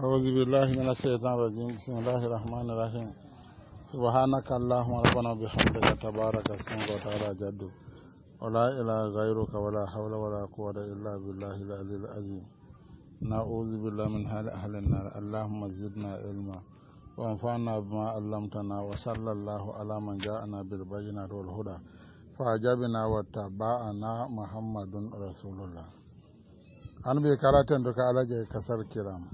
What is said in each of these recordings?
أعوذ بالله من الشيطان الرجيم بسم الله الرحمن الرحيم سبحانك اللهم ربنا وبحمدك تبارك اسمك وتعالى جدك ولا إله غيرك ولا حول ولا قوة إلا بالله العلي العظيم نعوذ بالله من حال أهل النار اللهم زدنا علما وانفعنا بما علمتنا وصلى الله على من جاءنا بالبينات والهدى فأجبنا واتبعنا محمد رسول الله an bai karatin duka alaje kasar kiram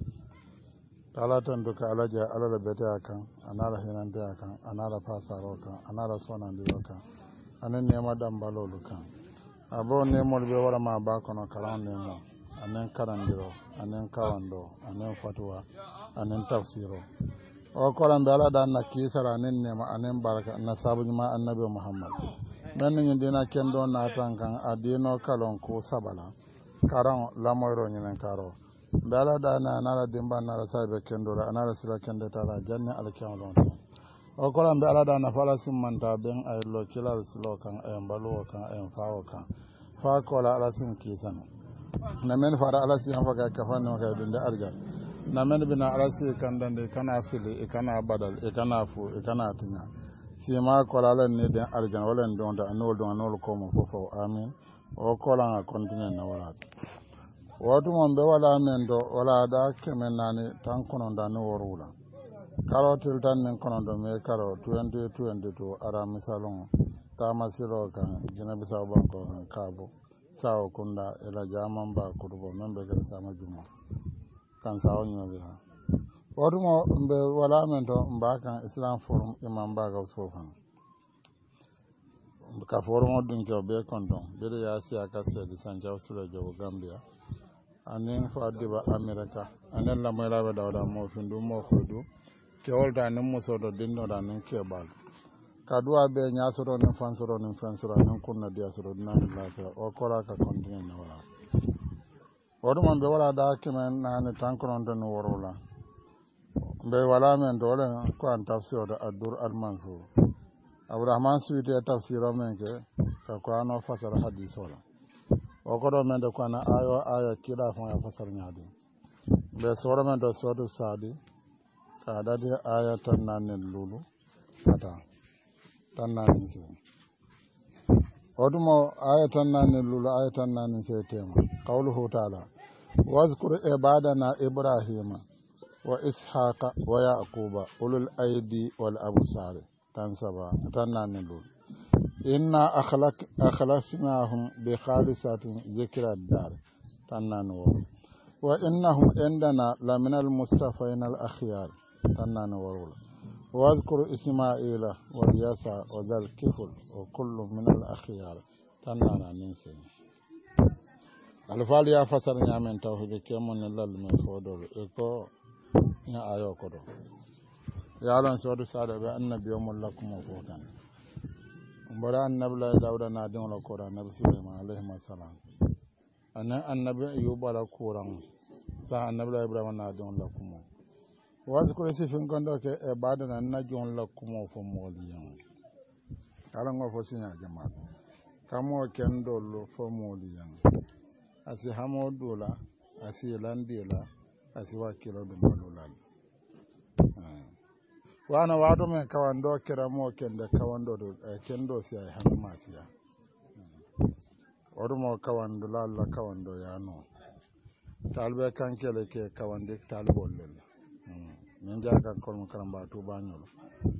ala tan duka ala je ala la bete akan anala hinante akan anala fasaro kan anala sonandiro kan anin nema dambalolu kan abo nemol be ma ba kono karan nemo anin karandiro anin kawando anin fatuwa anin tafsiro o kolan be ala da na kisara anin nema anin baraka na sabujuma annabi muhammad men ni dina kendo na tan kan adino kalon ko sabala karan lamoyro nyinen karo mbe ala na anara dimba anara saɓe kendora anara sila kende tara janni alkiamlon o kola mbe ala na fala sim manta ben ay lo kilal silo kan ayen baluwo kan ayen fawo kan fa kola ala sim kisana na men fara ala sim fo ka kafanima kay dunde argal na men bina ala si kandande de kana fili e kana badal e kana fu e kana e e tinya tiña sima kola len ni den arjan wala en donta anol don anol komo fofo amin o kola nga continue na walata wotu mon be wala men do wala da keme nani tan no ni karo til tan kono do me karo 2022 ara misalon tamasiro kan guinea bissau banko kan kaabo sawo kunda ela jaman ba kurbo men be gar sama juma kan sawo be ha mo be wala men do mba kan islam forum imam bagaw sofan ka forumo ɗum kondo, ɓe kon ya ɓeɗe ka se di sanjaw sulejobo gambia Ani fa anin fo da america anin lamoylaɓe dawɗa mofin du mofoy du kewolto anin musoto dinnoɗo anin keɓal kaduwa ɓe ñasoro nin fansoro nin fensoro anin kunna diyasoro dunani lafiya o kola ka continue ne wala woɗumon ɓe waɗa da hakkime nani tankononto ni worwla ɓe wala men to wolen ko an tafsir de addour almansour abdourahmane suwiti e tafsir o men ke ko ko ano fasara hadis ola o koɗo men de kona ayo ayo kiɗa fo ya e fasar ñaadi ɓe soro men do sodu saadi sa dadi aya tan nanni lulu ata tan nanni se odumo aya tan nanni lulu aya tan nanni se tema kawlu hu taala waskur ibadana ibrahima wa ishaqa wa yaquba ulul aidi wal absar tan saba tan nanni lulu إنا أخلق أخلصناهم بخالصات ذكر الدار تنانو وإنهم عندنا لمن المصطفين الأخيار تنانو واذكر إسماعيل واليسع وذا الكفل وكل من الأخيار تنانا ننسى الفالي أفسر نعمين توحيد كمون الله من فضل إكو نعيوكو يعلن سؤال سعر بأن بيوم لكم وفوتاني mbara annabi la dawuda na din la kora annabi sulaiman alaihi salam anan annabi ayyub la koran sa annabi la ibrahim na din la kuma wasu kuma sai fin kan dauke e bada na na jin la kuma fo moliyan kalan wa fo sinya jama'a kamo ken dollo fo moliyan asi hamo dola asi landela asi wakilo dum balulal wana waɗo men kawando kira kiramo kende kawando ɗo eh, kendo siya eh, hanma siya oɗumo kawandula allah kawando ya yano kan kele ke kawandi talɓollel hmm. min jagan kolmo karamba tubañolo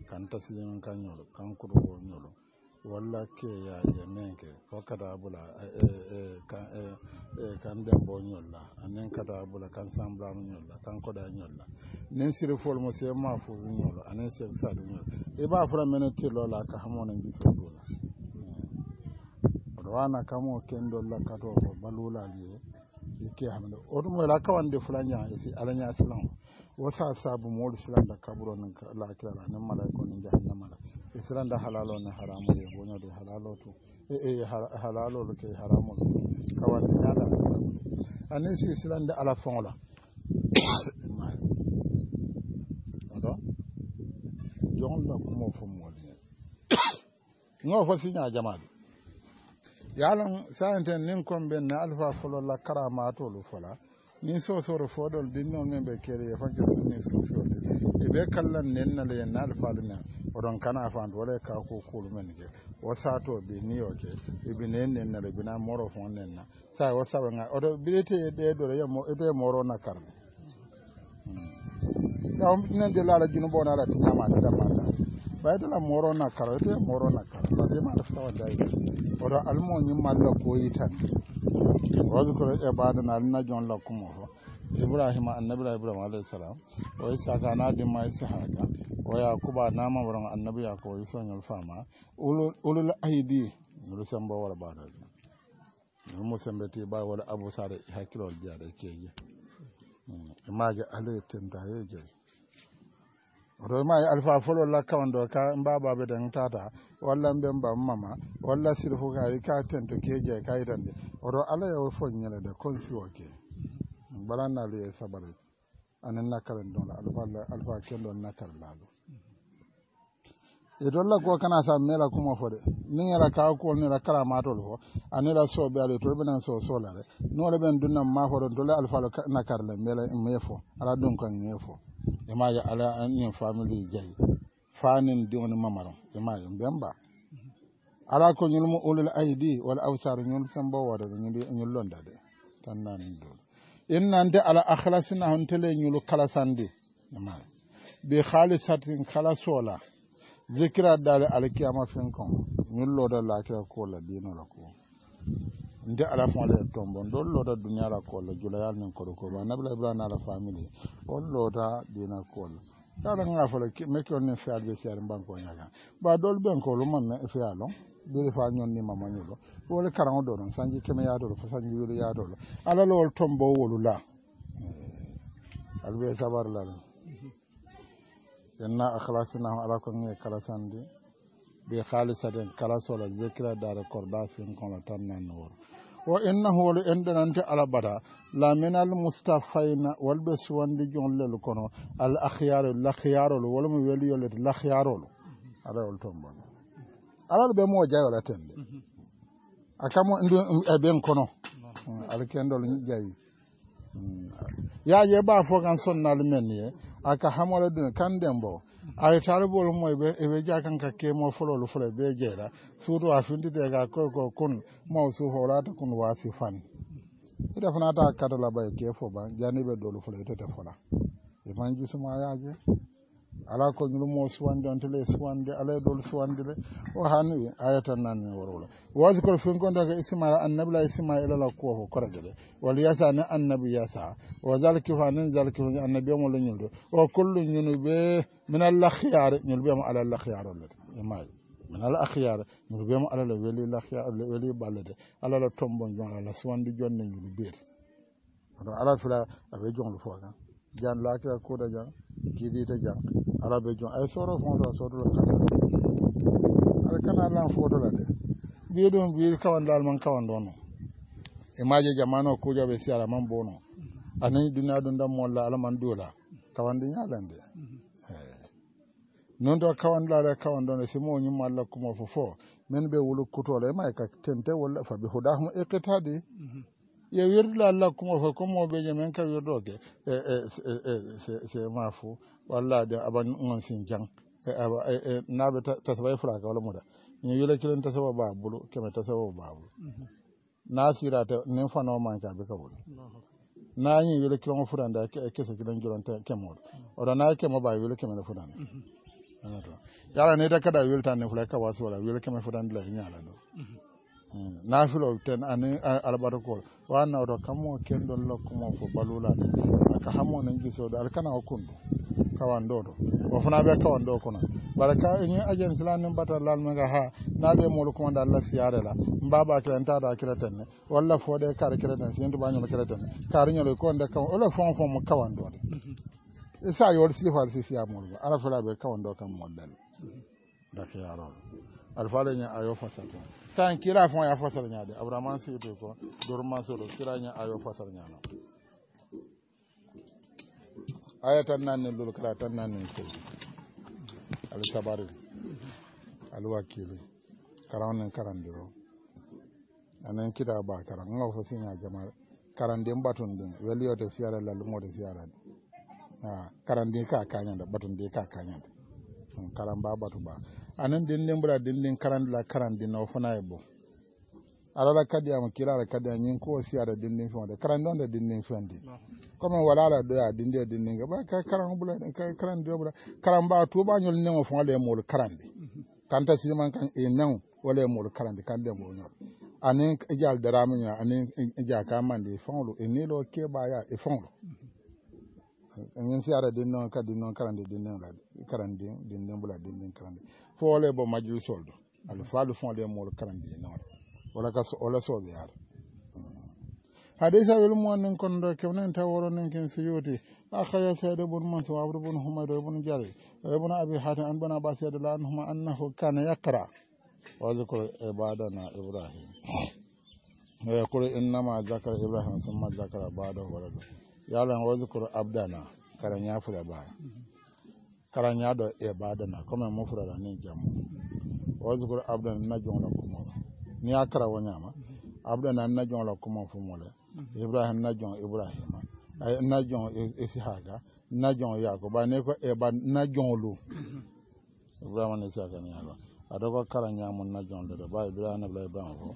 kan tasimin kañolo kan kuruwo ñolo walla ya ya min ke ko kata bula kan dembo bo nyolla anen kata bula kan sambla ñol la kan koda nyolla nen nin fol mo se fu nyolla anen se sadu nyolla e ba fura menen ti lola ka hamona bi fo dola eh. wana kamo kendo e la kato balula liye ike hamdo odumo la kawande fulanya isi e alanya silan wasa sabu mo silan da kaburo nan la kira nan malaiko nan jahannama la da halalo ne haramu ye gona da halalo to eh eh halalo da ke haramu haramol kawande ñaada ani si silande ala foŋola ato joŋol la kumo fo moolu ñe ŋo fo jama'a ya lan sayinten nin kon ben na alfa folo la karama to karamatolu fola so ro fodol din non ɓe keere ye fanke sunni sufiyote e be kallan nen na le na alfalu men oɗon kana fan wala ka ko kulu men ge o sato be o ke ibine nen na ibina moro fon nen na sa o sabe nga do bilete de do re mo ete moro na ne ya o nan de la jinu bona la ti nyama da ta ba de la moro na kar de moro na kar ba de ma ta da yi o do almo ma la ko yitan ko e, e badana na jon la mo ibrahim annabi ibrahim alayhi salam o isaka ma dimma haka o yakuba wurin annabi yakuba yisoñol fama ulul ahidi ngol sembo wala baɗoɗe mo sembe ti ba wala abu sare hakkilol jeyaɗe ga hmm, maaje alaye tentaye je oto ma e alpha folo lakkawan ɗo ka ba den tata walla mben mbam mama walla sirfo kayi ka tento keeje kayitande oto alaye o foññelede wake balan na e sabare anan na karin don alfa don na karin lalu idan la ko kana sa mela kuma fode ni yara ka ko ni la kala ma to lo ani so biya da to so so lare de no le ben dunna ma fo to na karin lalu mela me fo ala dun kan ne fo e ma ya ala an yin famili jai fanin di mamaron mamaro e ma yo bemba ala ko yi mu ulul aidi wal awsar nyul sembo wada nyul nyul londa de tan dole. in nante ala akhlasina hontele ñulu kalasandi bi halisatin kalasola zikira dale alkiyama fen kon ñul loda lakira kola dino la ko nde ala fonle tombo ndol loda duniya la jula julayal nin kodo ko ba nabila ibrahima ala family on loda dina la. yala nga fala mekion ne fiat be siar banko nyaga ba dol ben ko lu man na fialon ɓuri fa ñonni mamañuɗo wole karaŋo ɗo noon sanji keme yaadolo fo sanji wiilo yaadolo alalowol tombo wolula eh, albe sabarlal yanna akhlasinahu ala ko ŋe kalasandi ɓe haalisaten kalasola zekira dare korda fin kono tan nanno woro o innahu wol enɗenante alabata laminal mustafayna wolɓe suwandi jonlel kono al ahyarol lahyarol wolmo weliyolete lahyarol aɗa wol toon alal be mo jayora tende mhm. akamo ndu mm, e eh, ben kono mhm. mm, alkendol jayi mm. yaje ba fo kan sonnal men ye eh. aka hamola dun kan dembo mhm. ay taribol moy ɓe eɓe jakanka kemo fololu fole ɓe jeyɗa surtout a findide ga koy ko kun su maw suholata kun wasi fani ita fanata katala ɓay ke fo ba janiɓe dolu fole itete fola e man y'a yaje ala ko ñulumo suwandi on tele suwandi ala e dol suwandi le o hani aya tan nanni worwola waji koto finkondeke isimala annabila isimaila la kuwo ko korage de wala yasa ne annabi yasa wa zalkihu anin zalkihu annabi omo lo ñulde o kullu ñunu ɓe minal lakhiyare ñul ɓiyamo ala lakhiyaro le imayi min ala akhiyara ñulu ɓiyamo ala la weeli lakhiyar weeli weli de ala la tombon jon ala la suwandi jonne ñulu beeti ala fila abe jonglu fo kan jan lakira kuɗa jan kiɗita jan ala ɓe jon ay soro fonto a sodoro aɗa kana lan fotola de mbiye ɗum mbiye kawan dal man kawan ɗo non e maje jamane o kuja ɓe si ala man bo non anañi duniya ɗum dan molla ala man dola kawande ñalan de non to kawanɗaɗa e kawan ɗon e simo ñumma allah kumo fo fo min ɓe wolo kutolo e ma ka tente wolla fa ɓe huɗa hum eqitade ye wirdu allah kumo fo comme ɓe je men ka e, e, e, se se ma fo wallade aban on sin jang naɓe tasaba e fraka walla muɗa ñi wila kilen tasaba babulu ta tasaba babulu na ne fa no man ka woni na ñi wila kilon furande kese kilen jurante kemoɗo oɗo na kemo ba wila ke furande yala ne ta kada ta ne fura ka wasu wala wila keme furande la mhm. hmm. na ɗo lo ten ani albarkol wana oɗo kammo kenɗol lokkumo fo balulade aka hammo nen guisoɗo ala kana o kunɗo kawan ɗo ɗo o funaɓe kawan ɗo kona bara ka ini e agence la nin mbatal lalmega ha naɗe muɗo kumanɗa allah siyare la mbaɓa kilen tada kreten ne walla fooɗe kare kreten sintubañol kreten ne kareñol e ko nde kam ola fon fo mo kawan ɗode e sa yoɗo sifal si siya muɗo ala fulaɓe kawan ɗo kam moɗɗel dak yaroɓe alfaala ña ayo fasata san kira fon ya fasara ñaade abraman siwto ko dorman soro kira ña ayo fasara ñano aya tan nanni lol kala tan ne ko al sabari al wakili karawnen karandiro anen kida ba karan ngaw fo siña din karande mbatun ɗum weliyode siyara lallumode siyara ah, din ka da batun din ka kañande hmm, karan ba batu ba anin dindin bura dindin karandula karandina o fana ye bon ala la kadiyama kila ala ko si ada dindin feŋode karandi onde dindin wala ala doya dindi e dindin ke ba ka karan bula karan dio bula karan ba tuba ñol neŋo kan e neŋo wole ye karandi kande mo ñol aniŋ ijal e darami ña aniŋ ija e, e ka mandi feŋolu e nilo kebaya e mhm. si ka la bula pɔɔle ba majul soldo ale faalu fɔn de mɔɔre karandi e nɔɔre wala ka so wala hmm. so sɔɔbi yaare hadisa wil mo ne kon do kewne ta woro ne ken su yoti a khaya sede bon mo so abru bon huma do e bon jare e bon abi hata an bona ba sede lan huma annahu kana yaqra wa zikru ibadana e ibrahim wa yaqulu inna ma zakara ibrahim summa zakara ba'da wa rabb ya lan wa zikru abdana kara nya ba karanyaɗo e badana comme mo furara ni jammu na jongla kumola ni a kara wo ñama na jongla kumo fumole ibrahim na jong ibrahima ay na jong isihaga na jong yakuba ne ko eba na jonglu ne kara na ba ibrahima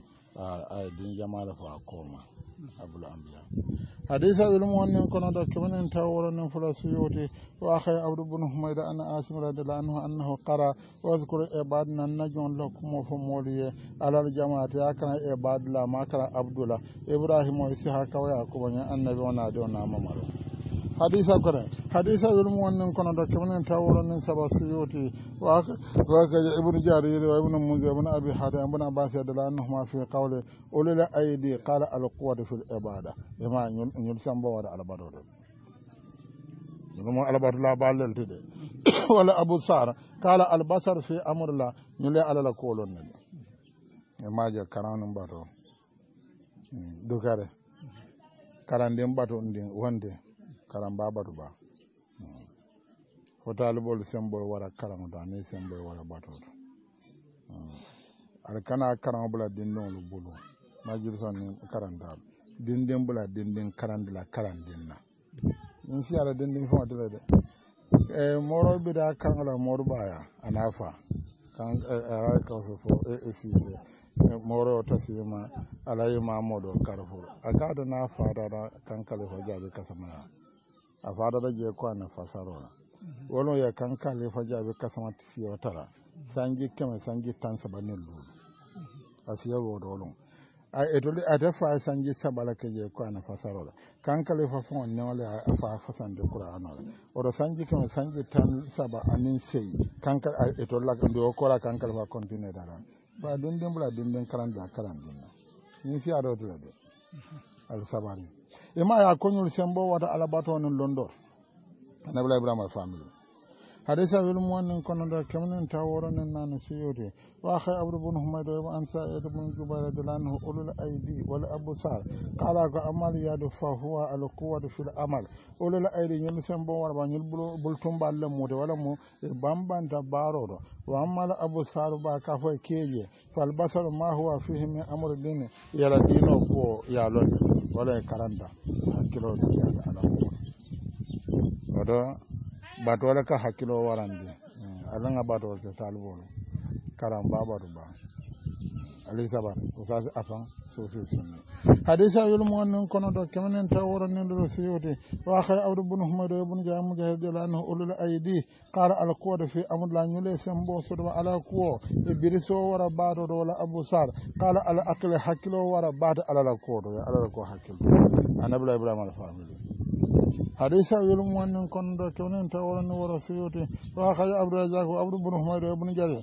حديث هذا المؤمن كنا دكمن انت ورن فلسيوتي وأخي عبد بن حميد أن عاصم رضي الله عنه أنه قرأ واذكر عبادنا النجم لكم وفمولي على الجماعة أكنا عباد لا ما كان عبد الله إبراهيم وإسحاق ويعقوب النبي ونادي ونعم مرة hadisa kore hadisa wilmu wannan kono do kemnen tawro nin saba su suyuti wa wa ibn jarir wa ibn munzir ibn abi hatim ibn abbas yadalla annahuma fi qawli ulil aidi qala al quwwatu fil ibada ima nyul sambo wada al badodo mo alabatu la balal tide wala abu sar qala al basar fi amr la amrila nyule alala kolon ne ima je karanum bato hmm, dukare karanden bato ndin wonde Karan karambabatu ba sen hmm. boy wara ne sen boy wara batoto hmm. ar kana karan bula dindin lu bulu ni karan da dindin bula dindin karandi la karandin na in si ala fa feŋo ti la moro bi da kan la moro baya ana fa ka e, e, so fo ta e, si ma ala ma modo karfo a kaata naa faatata kankale fo jaabi kasamaya a da je ko ana fasarona wani ya kankale fajaɓe kasamati siya tara sanji keme sanji tan sabanin lulu a siyo wodo olon a etoli ate fa sanji sabala na ko ana kan kankale fa wani wale a fa fasande qur'anola oɗo sanji keme sanji tan saba anin kan kankal a kan ndi o kan kankale fa da dara ba dindin bula dindin karandi a karandinna min siya ɗotila de al alisabari ima e ya konyol sembo wata alabato nin londor anabla ibrahim family hadisa wil muwannin kono da kemnin ta woronin nani siyode wa khay abdu bin humayd wa an sa'id bin jubair radhiyallahu ulul aidi wal absar qala ga amal ya du fa huwa al quwwatu fil amal ulul aidi nyum sembo war ba nyul bul tumbal le mode wala mu e bambanta do wa amal absar ba ka fo keje fal basar ma huwa fihi min amr din yala dino ko ya lon wala e karanta hakkiloo ɓe yaade alama oɗo batole ka hakkiloo warandi alaga batol te taliboolu karan mbaɓatu ba ali saba usas afan sufi sunni hadisa yul mo non kono do kemenen ta woro nen do siyoti wa khay awdu bun humaydo bun ga mu jahid ulul aidi qara al qawda fi amud la nyule sembo sudo ala kuwo e biriso wara baado do wala abu sar qala al akle hakilo wara baado ala la kodo ya ala ko hakilo anabla ibrahim al famili hadisa yul mo non kono do kemenen ta woro nen woro siyoti wa khay abdu razak abdu bun humaydo bun jahid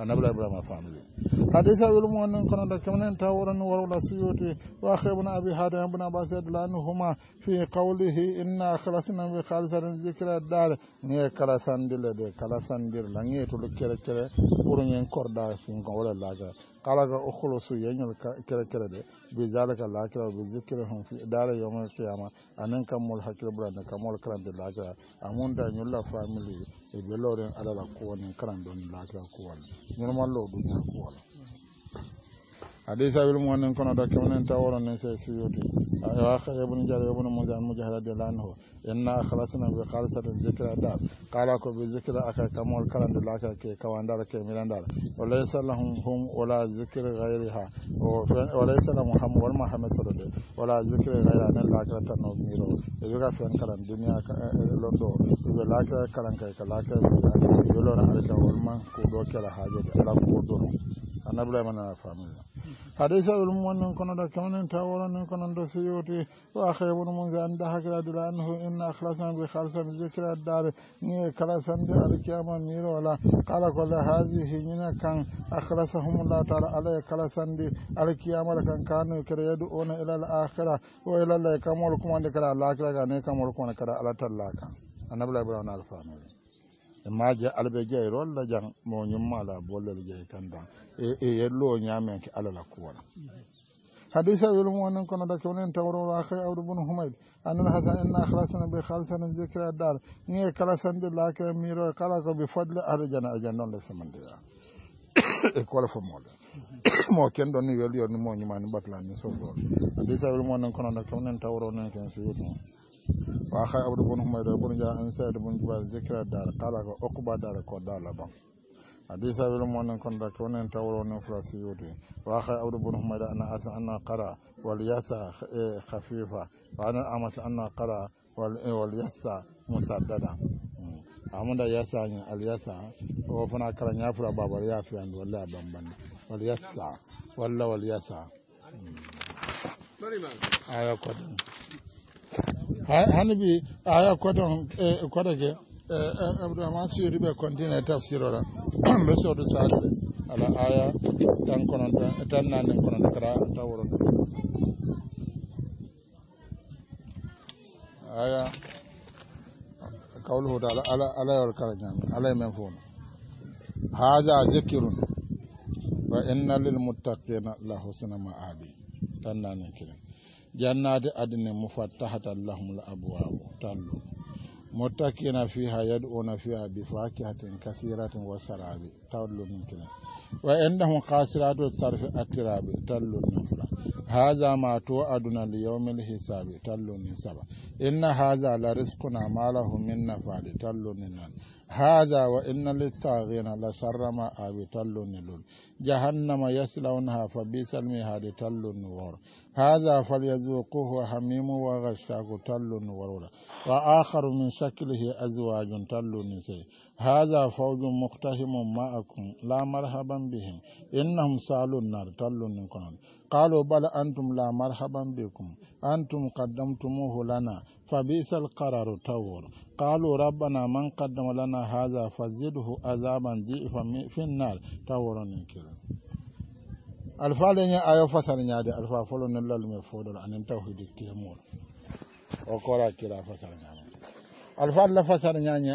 Ana ibrahima family hadisa kono da kemnen ta worani warawla suyuti wa khaybuna abi hada ibn abbas radhiyallahu fi qawlihi inna khalasna bi khalisan zikra dar ne khalasan dile de khalasan dir la ngi to kere kere pour ngen korda fin ko wala laga kala ga ukhlusu kere kere de bi zalika la bi fi dar yawm al qiyamah anan kamul kamul kran de laga amunda nyulla family e ɓe loren alala ko woni karan ɗon laakira ko walla ñolmallo ɗum ko حديث أبي المؤمن كنا ذكرنا أن تورنا سيسيوتي وآخر ابن جرير ابن مجاهد مجاهد رضي الله عنه إنا أخلصنا بخالصة الذكر الدار قالوا بذكر أكا كمول كلام دلاك كي كوان دار كي ميلان دار وليس لهم هم ولا ذكر غيرها وليس لهم هم والمحمد صلى الله ولا ذكر غيرها أن لاك تنو ميرو فين كلام دنيا لندو يبقى لاك كلام كي كلاك يلون عليك والما كودو كلا حاجة لا كودو anabula mana familia hadisa wal mu'min kono da kamen tawara nan kono do siyoti wa khaybun mun ga anda hakira inna akhlasan bi khalsan zikra dar ni kala san ni wala hazihi nina kan akhlasahum allah ta'ala alay kala san di alkiyama kan kanu kare yadu ona ila al wa ila al kamul kuma ne kamul kuma ala ibrahim al familia ma je albe je rolla jang mo nyum mala bolle je kanda e e yello nyame ke alala ko wona hadisa wel mo non kono da ko non tawro wa khay awdu bun humayd an al hasan an akhlasana bi khalsana zikra dar ni kala sande la ke miro kala ko bi fadl al jana al jana non la e ko la fo mo la mo ken don ni wel yo ni mo nyuma ni batlan ni so go hadisa wel mo non kono da ko non tawro non ken so yoto wa kha abdu bun do bun jaa an sa'd bun jubal zikra dar qala ko okuba dar ko dala ban hadisa wel mo nan kon dak wonen nan tawro nan frasi yodi wa kha abdu bun da ana asa anna qara wal yasa khafifa wa ana amas anna qara wal wal yasa musaddada amunda yasa ni al yasa o fana kala baba ya fi an wallahi ban wal yasa walla wal yasa aya kodin hani ɓi aya koɗon e, koɗoke e, e, ma sodi ɓe contine tafsirola ɓe soodu saade ala aya tan konon tan nanen konon kara tawro aya kawlu hoto ala ala yor kala ñan ala e men fofno haaja a jekkirun wa inna lilmuttaqina la husna ma aadi tan nanen kinen jannaade adne mofattahatal lahumul abwabu tallo mottakina fiha yaduuna fiha bi fakihatin kasiratin wa sarabi tallumtina wa indahum kasiratu tarfi attiraɓe tallumni fula haha ma to aduna li yawmil hisabi tallumni saba inna haha la risquna malahu min nafadi tallumni nan هذا وإن للطاغين لشر مآب تل نلول جهنم يسلونها فبئس المهاد تل نور هذا فليذوقوه حميم وغشاق تل نور وآخر من شكله أزواج تل نسي هذا فوج مقتهم معكم لا مرحبا بهم إنهم سالوا النار تلوا منكم قالوا بل أنتم لا مرحبا بكم أنتم قدمتموه لنا فبئس القرار تور قالوا ربنا من قدم لنا هذا فزده عذابا ضعفا في النار تور نكرا alfaalen ya ayo fasal ñaade alfa folo nen lalme fodol anen tawhidi temol o kora kira fasal ñaama alfa la fasal ñañe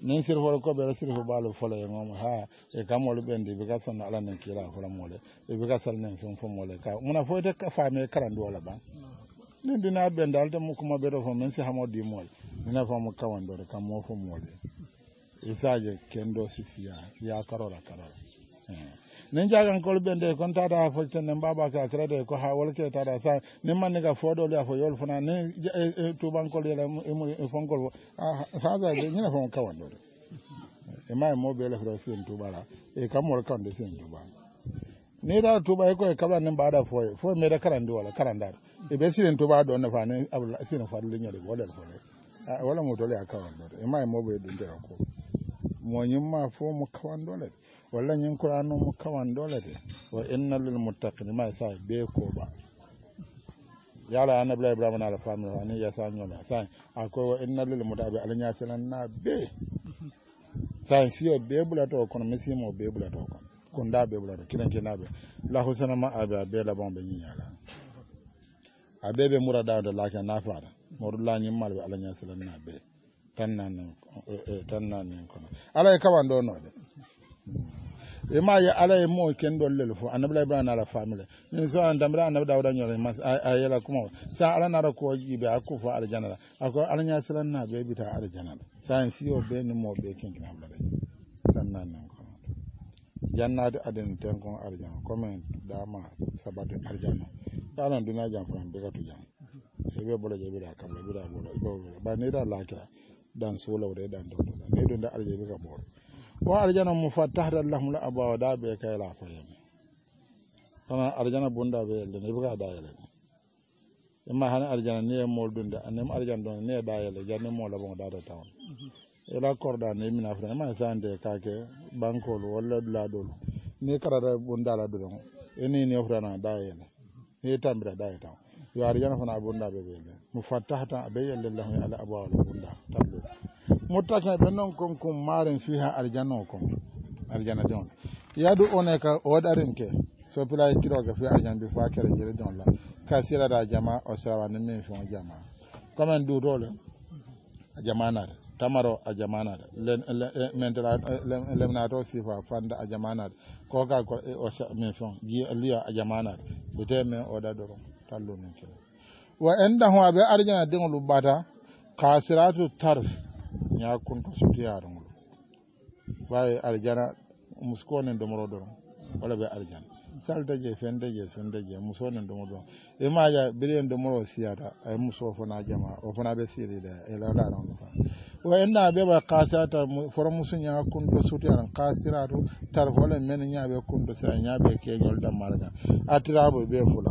nin sirfol ko ɓeɗa sirfo la folo e momo ha e kamol ɓendi ɓe ga sonno ala nen kiila folo mole eɓe ga sal nen sun fɔ mole ka muna fo e te faami e karandi ola ban nin dina ɓendi alte mu kuma ɓeɗo fo min si hamo dimol mina fomo kawandore kam mo fo mole isaje e kendo sisiya ya karola karola nin jagan kol ɓende kon tada fo tene mbaba ka krede ko ha wolke tata sa nin man ga foɗole a fo yol fana ni tubankol yela ah, fonkol sasa ñina fon kawanɗoɗe e ma e moɓele fota sen tuɓala e kammol kawde sen tuɓala ni ɗa tuɓa koye kaɓla nin mbaɗa foye foye meɗa karandi wala karandaɗo eɓe siren tuɓa fa fani abla sino farliñoɗe wolel fole wala mutole a kawanɗoɗe e ma mo be ɗum e, tera e, ko moñimma e, fo mo le walla ñin kuranomu kawan dole ne wa inna lil muttaqin ma sa be ko ba yala anabla ibrahim na alfa mu ani ya sa nyoma san akwai wa inna lil muttaqin alnya san na be san shi siyo be bula to kon mi simo be bula to kon kono da be bula to kiran ke na be la husana ma abe be la bon be yala abe be murada da lakin na fara modulla nyin malbe alnya san na be tannan tannan tan nan eh, eh, kono ala e kawan do no de ima ye ala ye moo ken dol lel fo annabila ibrahima ala famile min so an damira annabi dawuda ñore ma a yela kuma sa ala nara ko jibe a kufo aljana la ako ala ña silan na be bita aljana la sa en siyo be ni mo be ken kina bla tan nan nan ko jannati aden ten ko aljana comme dama sabati aljana talan duna jam fran be katu jam e be bolo je be da kambe be bolo be ba ne da lakira dan so lawde dan do ne do da arje be ka bolo wo aljana mu fattahdat lahum la abawa da ɓe kayla fo yami tana aljana bunda ɓe yelde ne ɓuga dayele ni imma hani aljana niye mol dunde anem aljana don niye dayele janni mo labon dada tawon ila e korda ne mina fre ma sande kake bankol wala dula dul ni karara bunda la dulon eni ni ofrana dayele ni tambira dayele tawon yo aljana fana bunda ɓe yelde mu fattahta ɓe yelde lahum ala abawa la bunda tablo muttaqina ɓe kon konkum maren ha aljanna kon aljanna don yadu yaadu one ka o waɗarinke so pilaye kiroke fi aljanna bi fa kere jere don la ka da jama o ne min fion jama du duutole a jamanade tamaro a jamanade mentera e, lemnato sifa fanda a jama na ko o min fion liya a jamanade ite min do ɗoron tallo min ke wa en dahoa ɓe arjana diŋolu ka siratu tarf ña kunto sutiyaɗo ngol wawi aljana muskonen domoro doron wala ɓe aljana saldaje daje muso musonen domoro ɗon e maja biɗen domoro siyata e muso fona jama o fona ɓe siride e lawlaɗon fa o enna ɓeɓa kasata foro musuña kunto suti aran kasirato tar fole men ñaɓe kunto sira ñaɓe keñol dammare kan attiraɓo ɓe fula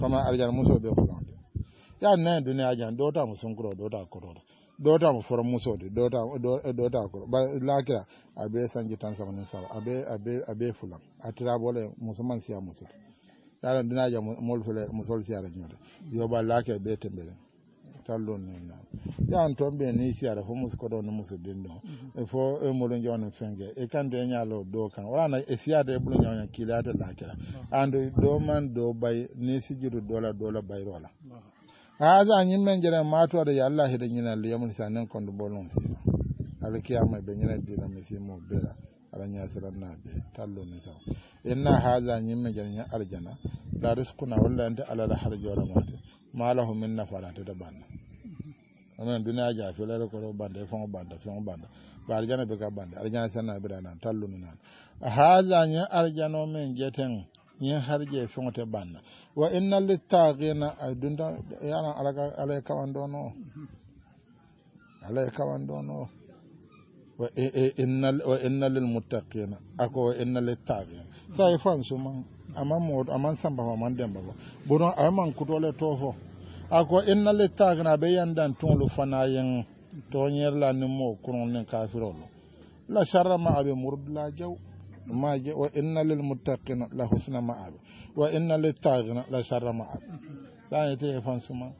comme aljana muso ɓe fulande yan ne duniya jan dota mo sunkuro dota kototo dota mo muso musode dota dota ko ba lakira abe sanji tan samani sawa abe abe abe fulam atira bole musuman siya musul yara dina ja mol fule musol siya da nyota yo ba lakira be tembe tallon ni na an to be ni siya da fo musko muso musu dindo e fo e mo don jona fenge e kan de nyalo do kan wala na e siya de bulu nyonya kilata lakira mm-hmm. and do man do bay ni sijudu dola dola rola mm-hmm. Haza ñim men jere matore yo allah hiɗa ñinalli yamul sanen kondo bolon sira alkiyama ɓe ñina dina misimo bera ala ñasirannaɓe ni saw inna haza ñim men jere ña aljana la riskuna walla ante alala har joramate malahu min nafaratede banna omen duniya ja filare koro banda fongo banda fongo banda ba aljana be ka banda aljana sannaɓe ɗanan talluni nan haza ña arjano men jeten ñin harje e te banna wa inna littaqina a dunta yalan ala ye kawandono o ala ye kawandono o e, e, wa inna lilmuttaqina ako wa inna littaqina mm-hmm. sa man fan a man san bafa sambama man demba fo bonon aye man kutole to fo ako inna littaqina aɓe yandan yan fana yeŋ toñerla nin mo kuroŋ nin kafirolo la sharra ma aɓe murdula jaw maje wa inna lil muttaqina la husna ma'ab wa inna lit tagina la sharra ma'ab dani te e fan suma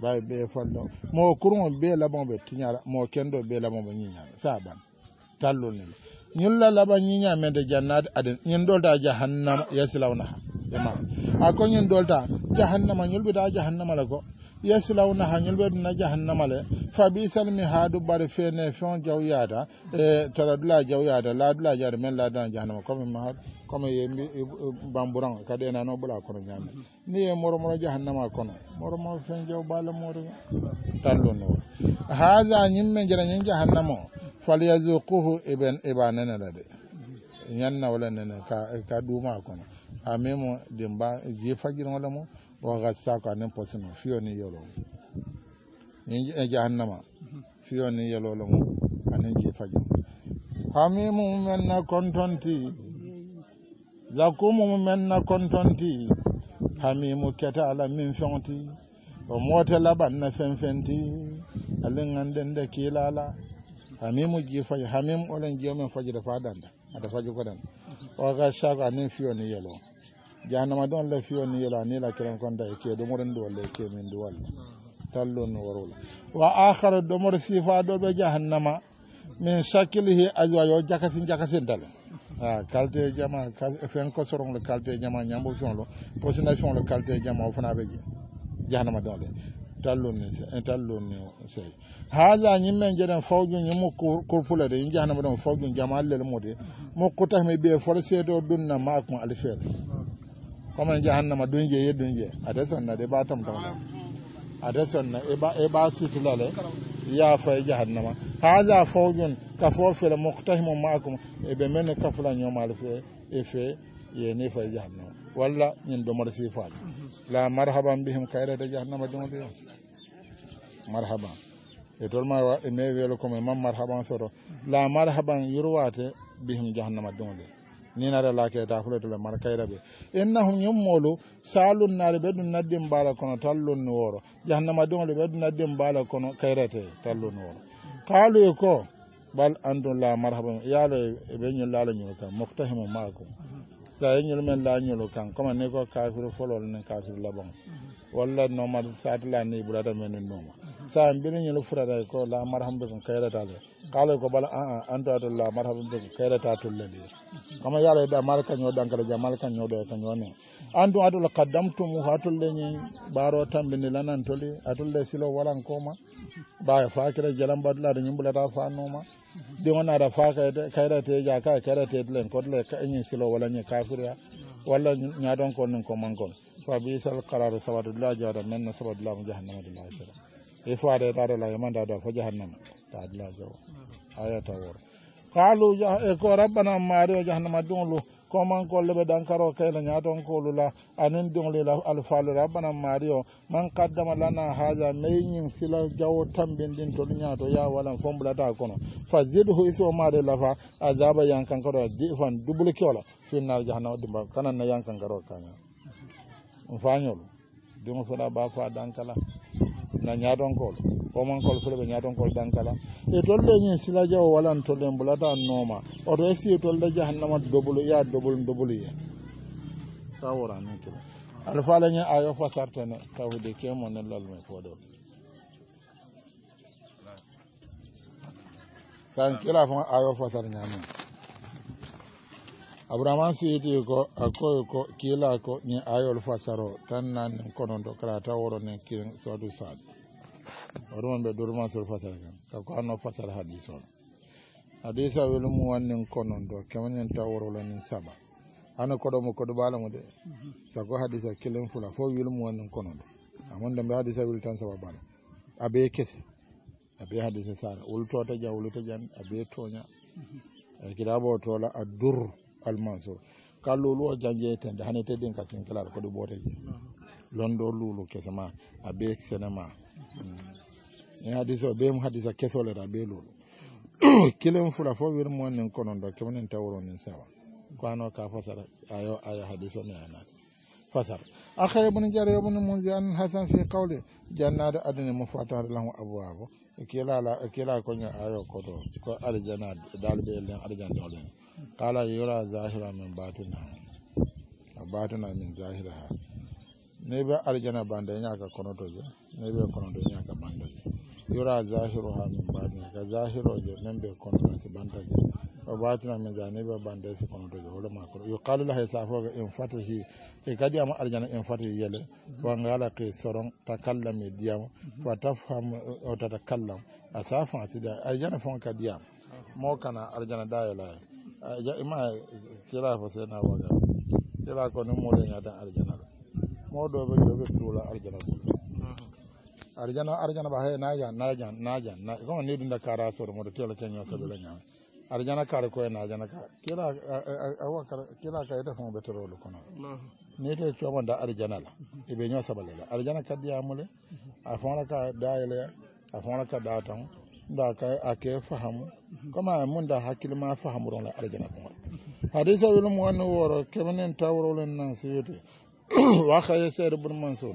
bay be fallo mo kurum be labon be tinyara mo kendo be labon be nyinyara saban tallo ni nyul la laba nyinya me de jannat adin nyin dolta jahannam yaslawna jama e akon nyin dolta jahannam nyul bi da jahannam la ko yasilawna hañol ɓeɗuna jahannama le fabisal mi haadu ɓare fene fen jaw yaada e taradula jaw yaada laadula jaada men laadana jahannama comme ma comme yembi e, e, bamburan kadi enano ɓula kono ñamde ni ye moromoro jahannama kono moromoro fen jaw baala moro tallunoo haga ñimme jara ñin jahannamao falyazukuhu iben iba nenela de ñannawla nene ka ka ɗuma kono amimo dimba ji fajirngo le mum waga sako anin posino fiyo ni yelo ni jahannama fiyo ni yolo lo anin je fajo hami mu men na kontonti zakumu men na kontonti hami mu keta ala min fonti o mota laban na fenfenti alin anden da kilala hamimu ji fajo mu olen jiyo men fajo da fadanda da fajo kodan waga sako anin fiyo ni yolo. jahannama don la fiyo ni yela ni la kiran konda e ke domoren do walla e ke min do walla tallo no warola wa akhara domor sifa do be jahannama min shakilihi azwa yo jakasin jakasin dal a kalite jama fen ko soron le kalite jama nyambo fion lo position le kalite jama o fana be jahannama don le tallo ni tallo ni sey haza ñimmen jeɗen fawju ñimmo kurpula de jahannama ɗon fawju jama allel mude mokko tahmi ɓe forcé do ɗum na makum alfeere comme jahannama dunje ye dunje ade sonna de ba tamtama ade sonna e ba e sutulale ya fa jahannama haja fawjun ka fo fele muqtahimu ma'akum e be men ka fula nyomal fe e fe ye ne fa jahannama walla nyen do mar sifat la marhaban bihim kayra de jahannama do be marhaban e tolma ma e me welo comme mam marhaban soto la marhaban yurwate bihim jahannama do be ninare lakeeta fuletoɓe markayra ɓe innahum yummolu salum nare ɓe ɗum naddin mbaala kono tallunni wooro jahannama dumoɗe ɓe ɗum naddin mbaala kono kayrete tallunni wooro kaalu e ko bal antum la marhaba yaalo ɓe ñol laala ñol kan moftahimu makum sa e ñol men laañol kan comme ni ko kafiru folol ni kafiru labon walla nomad satila ni ɓurata menen nooma sa'an birnin yi lufura da ko la marhaban bikum ta tale kala ko bala an ah, ah, an to to la marhaban kai da ta tullali kama yala da markan yau dan kala jamal kan yo da kan yo ne an to atul mu hatul le ni baro tambini lanan tuli a le silo walan koma ba ya fakira jalan badla da nyimbula ta fa noma de wona da fa kayra te ja da ta yi len ko le ka ni silo wala ni kafira nya don ko nin ko ko fa sal qarar sabadullah jaara men sabadullah jahannama de ifa da ta da laiman da da faji hannun da adila jawo aya ta wor kalu eh, ko rabbana mari o jahannama dunglu ko man kolle be dankaro kayla nyaton kolula anin dungli la alfalu rabbana mari o man kaddama lana hadha mayyin fila jawo tambin din to nyato ya walan fombula ta kono fazidhu iso mari lafa azaba yankan karo fan dubul kiola finnal jahannama dimba kanan na yankan karo kanya mfanyolo dungu fula ba fa dankala na ñatonkol omankol fule ɓe ñatonkol dankala e tolle ñin silaja o walan tollen bulata nooma oto esi e tolle jahannama dobulu ya dobulu dobulu ye ta worani kila alfaala ñin ayo fa sartene tawde ne nellalme foɗol kan kila fon ayo fa sar ñamen abraman siyiti ko akoy ko kila ko ñin ayol fasaro tan nan kononto to kala ta woro ne kirin sodu sadu oɗuman ɓe durmasol fasara kan kako anno fasara hadis o hadis mu weli mum wannin konon to kemañen taworola nin saba hano koɗo mo koɗo ɓaalamu de sago hadis a kelen fula fo weli mu wannin konon ɗo amon dembe hadis a weli tan saba ɓaala aɓe kese aɓe hadis sara wultote ja wulute jan aɓe toña e kitabu o toola a dur almansur ka lulu o janjeetende hane teddin ka sinkilaɗo koɗo bote je londo lulu kese ma aɓe sene e be mu ɓe keso hadise da be lolu kilen fula fo wir mo nin konondo kemnin tawro nin sawa ko ano ka fasara ayo ayo hadiso ne ana anat sara akhay jare bun mun jan hasan fi qawli jannatu adni mufatahar lahu kila la kila nya ayo koto ko len al jannat do len qala yura zahira min batina batina min zahira ha ne ɓe arjana bande ñaka je ne ɓe nya ka bandoje yura zahiru ha min batini ka zahiro je nen ɓe kontaki bantaje o batina min janiɓe bande da hore ma ko yo kalula hay safoga in fatahi e kadi ama arjana in fatahi yele wa ngala ke soron takallami diyam fa tafham o tatakallam a safon a sida arjana fon ka diyam mo kana arjana ja ima kila fo sena waga kira ko ni mole da arjana la mo ɗo ɓe joɓe tuula arjana arjana arjana ba hay naja naja naja na ko ne dunda kara so mo to la kenya so la nyama arjana kare ko na arjana ka kila awa kila ka ita fon betoro lu kono ne te to da arjana la ibe nyo sabale la arjana ka dia mule a fon ka daile a fon ka da datan da ka ke fahamu kuma mun da hakili ma fahamu ron la arjana kuma hadisa yulmu wani woro kebenen tawro len nan siyete wa khaye sayyid ibn mansur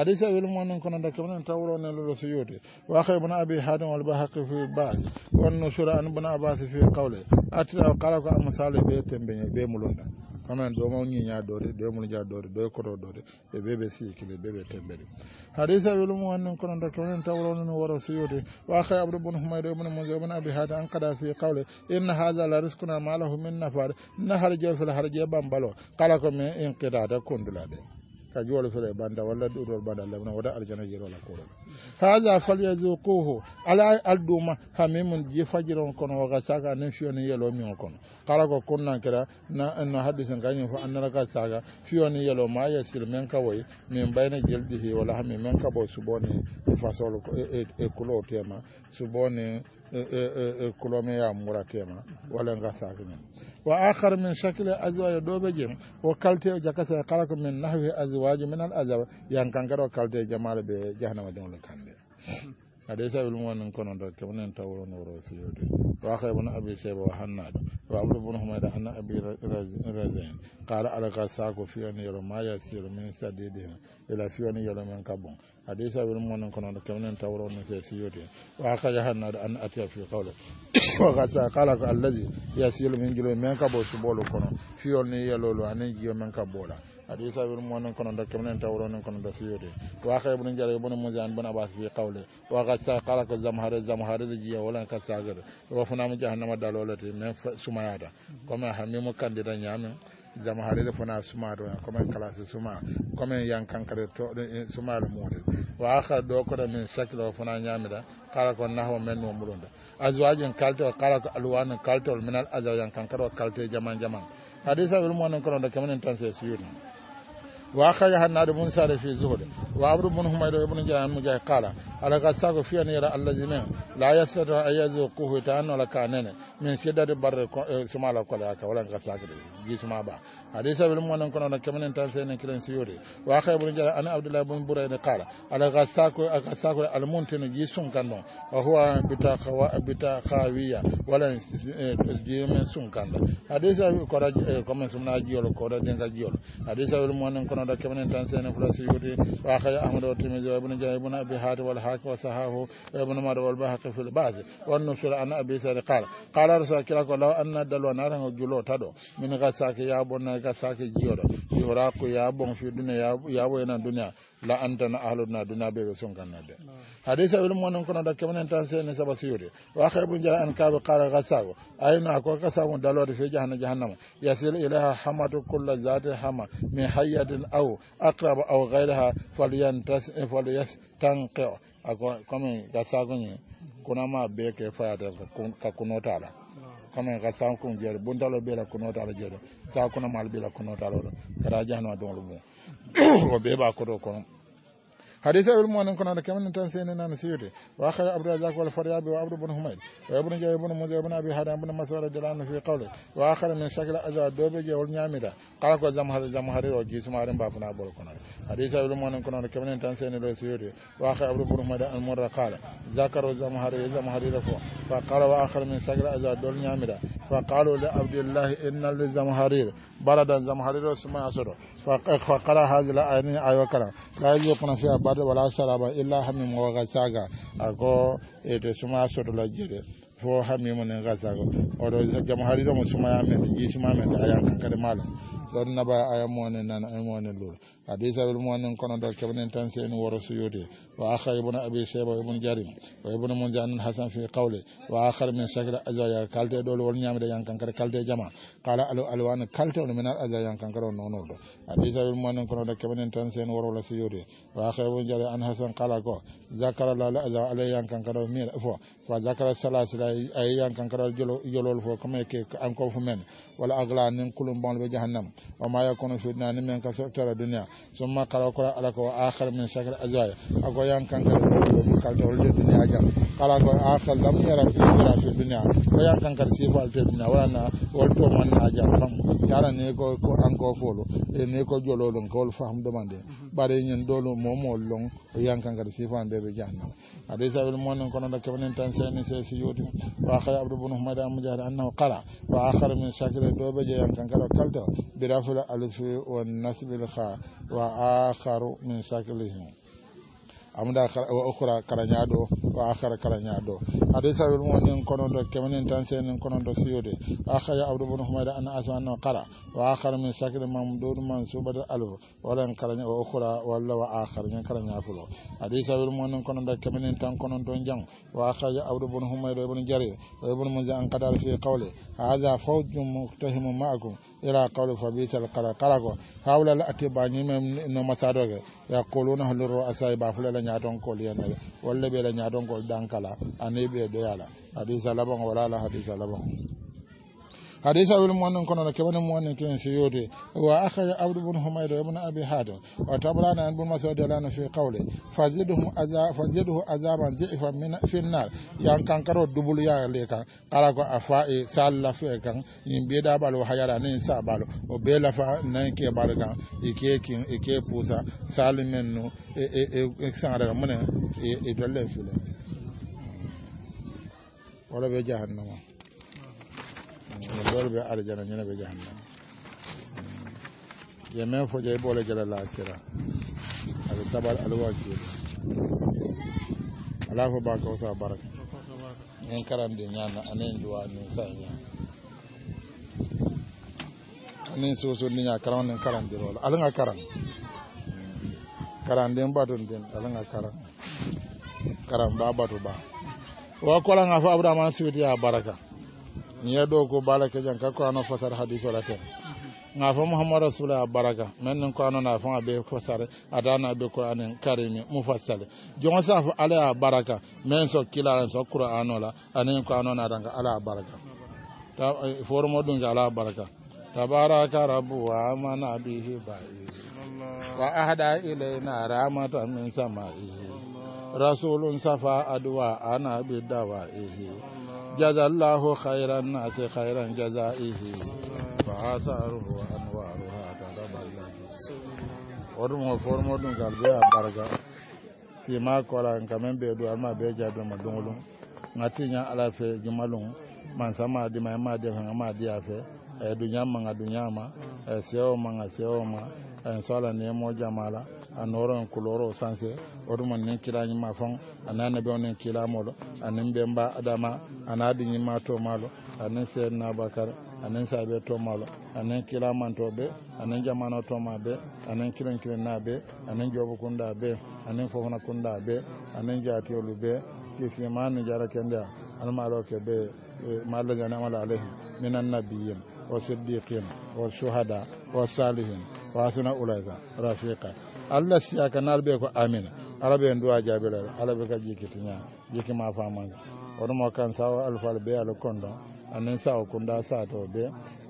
حديث أبي المؤمن كنا ذكرنا تورون للرسيوت وأخي ابن أبي حاتم والبهقي في بعض والنشر عن ابن عباس في قوله أتى قالك أمثال بيت بيملون kamen an kada fi qawle inna hada la risquna ma lahu min nafade nahar kala ko min inqitade kondulaɗe ka juwol fere banda wala ɗuɗol banda lemna woda aljana jirola kurol haha falyazukuhu ala alduma hamimum ji kono waga saga ne fiyoni yelo mi kono kala ko kunnan kira an hadisen kañum fa an raka saga fiyoni yelo ma yasil men kawai min bayna jelɗihi wala hami men suboni fasol e, e, e kulo tema suboni E, e, e, kulome ya mura kema wala nga sakini wa akhar min shakli azwaj dobe jem wa kalte jakasa kala ko min nahwi azwaj min al azab yan kankaro kalte jamal be jahannama kande hadai sai lu wannan kono da ta ne ke wannan tawo na rasu yau wa kai bana abi sai ba hanna da wa abdu bin humayd anna abi razin qala alaka sako fi an yaro ma ya sir min sadide ila fi an yaro man kabon hadai sai lu wannan kono da ke wannan tawo na sai su yau wa kai hanna da a atiya fi qawla wa kata ka alladhi ya sir min jilo man kabo su bolo fiye fi an yaro lo anan jiyo man kabola hadisa bi bir monin kono da kamnen tawro nin kono da siyode wa khay bun jare mo muzan bun abas fi qawle wa qad sa qala ka zamhar zamhar da jiya wala ka sagar wa funa mu jahannama dalolati men sumayada kuma mo kandida nyamin zamhar harire funa suma do ko men suma ko men yankan kare to suma da mode wa aka do ko da min shakla fana nyamida qala ko nahwa men mo mulunda azwajin kalto qala ko alwan kalto min al azwajin kankaro kalte jaman jaman hadisa bi bil monon kono da kamen tan se suyuna واخذها النار من سار في زهر وعبر وعمر بن حميد بن جان مجاهد قال على غساق في نير الذين لا يسر أي ذوقه تان ولا كانن من شدة بر سما لا كلا ولا غساق دي سما با حديث ابن من كن كمن تان سن كلن سيوري واخذ ابن جان انا عبد الله بن بريد قال على غساق غساق المنتن جي سون كان وهو بتا خوا بتا خاويا ولا جي من سون كان حديث كرج كما سمنا جيول كرج دين جيول حديث ابن من فندا كمن تنسين فلسي ودي واخي احمد والترمذي وابن جرير بن ابي حاتم والحاكم وصححه وابن ماجه والبهقي في البعض والنشر عن ابي سعيد قال قال رسول الله لو ان دلو نار جلو تدو من غساك يا بن غساك جيورا يوراق يا بن في الدنيا يا وين الدنيا la be de hadisa kono da kemenen tan sene saba wa an ayna ko jahannama yasil ilaha hamatu kullu zati hama min hayyatin أو أقرب أو غيرها فليستنقع كما يساقني كنا ما بيك فاتا ka san kun حديث أبي المؤمن كنا كمن نتن سيننا نسيوتي وأخي عبد الرزاق والفريابي وأبو بن حميد وأبو نجاي بن مزي بن أبي هريرة بن مسعود رضي في قوله وآخر من شكل أزا دوبجي والنعمدة قال قال زمهر زمهر وجيس مارن بابنا أبو بولكنا حديث أبي المؤمن كنا كمن نتن سيننا نسيره وآخر أبو بن حميد المر قال ذكر زمهر زمهر رفوا فقال وآخر من شكل أزا دول نعمدة فقالوا لعبد الله إن للزمهرير بردا زمهرير سمع أسره فقرأ هذه الآية أي وكلا لا يذوقون فيها برد ولا شرابا إلا همم وغساقا أكو إتسما سوت لجري fo hammi sar ba ay moone nan ay moone lul hadisa bil moone kono do kebne tan sen woro su yote wa akhay ibn abi shayba ibn jarim wa ibn munjan hasan fi qawli wa akhar min shakra azaya kalte do wol nyam de yankan kar kalte jama qala alu alwan kalte on min azaya yankan kar non non do hadisa bil moone kono do kebne tan sen woro la su yote wa akhay ibn jarim an hasan qala ko zakara la la azaya alay yankan kar mi fo wa zakara salasila ay yankan kar jolo jolo fo kamay ke an ko fu men wala agla nin kulum bon be jahannam wa ma yakunu fi dinani min ka tara duniya summa qara qara ala ko akhar min shakl azwaj ako yan kan kala ko kal to le duniya jam kala ko akhar lam yara fi yara fi duniya ko yan kan kal sifa al duniya wala na wal to man na jam fam yara ne ko ko an ko folo ne ko jololon ko fam demande ɓareñin dolu momol long o yankankadi sifandeɓe jahannama aɗa isabel monen kono ɗa keɓanen tan seni sesi yootima wa akara abdou bono humade amoujahde annahu qara wa akara min sakire ɗoɓe je yankankadi o kalta birafula alfi o nasbil ha wa akaru min sakilihim amda wa ukhra karanya do wa akhar karanya do hadith al mu'min kono do kemen tan sen kono do siyode akhaya abdu bin humayda an asman qara wa akhar min sakir mamdud mansubad alf wala karanya wa ukhra wala wa akhar nyan karanya fulo hadith al mu'min kono do kemen tan kono do jang wa akhaya abdu bin humayda ibn jarir wa ibn munzan qadar fi qawli hadha fawjun ma'akum ila qawli fabital kala kala ko hawla la atiba ni mem no masado ke yaquluna hal ru'asa ba fula nya nyaton ko liyan walla be la nya nyaton ko dankala anibe do yala hadisa laban wala la hadisa laban حديث أبي المؤمن كنا كبن المؤمن كن سيوتي وأخي عبد بن حميد بن أبي حاتم وتبران عن بن مسعود لنا في قوله فزده عذاب فزده عذابا ضعفا من في النار يعني كان كرو دبل يا ليك قال كو أفا سال في كان إن بيدا بالو حيارا نين سابالو وبيلا فا نين كي بالكان إكي كين إكي بوسا سال منو إكسان من إدلين فيلم ولا بيجهنم bol be aljana ñene be jahannama ye men fo je bole jala lakira ala tabal al wakil ala fo ba ko sa barak en karam de ñana anen duwa ni sa ñana anen soso ni ña karam nen karam de rol ala nga karam karam den batun den ala nga karam karam ba batu ba wa kola nga fa abdama siwti ya baraka ya ɗo ko bala ka kakko ano fasar hadise la ten ga fo mouhamad rasulullah a baraka min nin ko anona fon a ɓe fasare adana ɓe qouranin karimi mufassale jon sa fo ala a baraka min so kilaren so qouran ola anin ko anona danga ala a baraka eh, forumo ɗum ke ala a baraka tabaraka rabbu wa amana bihi ba'i wa ahda rahmatan min rasulun safa adwa ana bidawa'ihi جزى الله خير الناس خيرا جزائه فآثاره وأنوارها كرم الله ورم فرم دون قلبي أبرغا سيما كولان كمن بيدو أما بيجا بما دونلون ناتينا على في جمالون من سما دي ما ما دي ما دي في دنيا ما دنيا ما سيو ما سيو ما إن شاء الله نيمو جمالا an oro en couleur o sensé oɗuman nin kilañima fon ananaɓe onen kilamoɗo anin ɓe mba adama anaɗi ñimma to malo anin seedna bakara anin saɓe to malo anin kilamantoɓe anin jamano toma ɓe anin kilin kilinna ɓe anin joobo kunɗa ɓe anin fofna kunɗa ɓe anin jatiolu ɓe kisima ni jara kendea anmaloke ɓe mallajani amala alayhim minan nabiyin o siddiqin o suhada o salihin o hasina ulaika rafiqa allah siya ka na albe ko amina arabe en duwa jaabirare arabe ka jikitiña jikima famanga ah. onomo kan sawa alfal be ala kondo anin sawo kunda sato be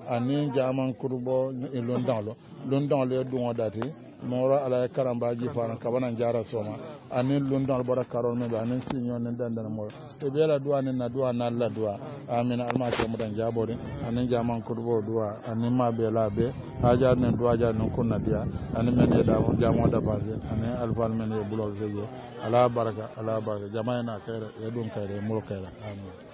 anin jaman kurbo ilundanlo lundanlo e duŋo dati mawra ala karam baji fana kabanan jara soma anin lundon albara karon me ba anin sinyo nin dandan mo e bela duwa nin na duwa na la duwa amin alma ke mudan jabori anin jaman kurbo duwa anin ma bela be haja nin duwa ja nin kunna dia anin men e da jamo da baze anin alfal men e bulo zeye ala baraka ala baraka jama'a na kare ya dun kare mul kare amin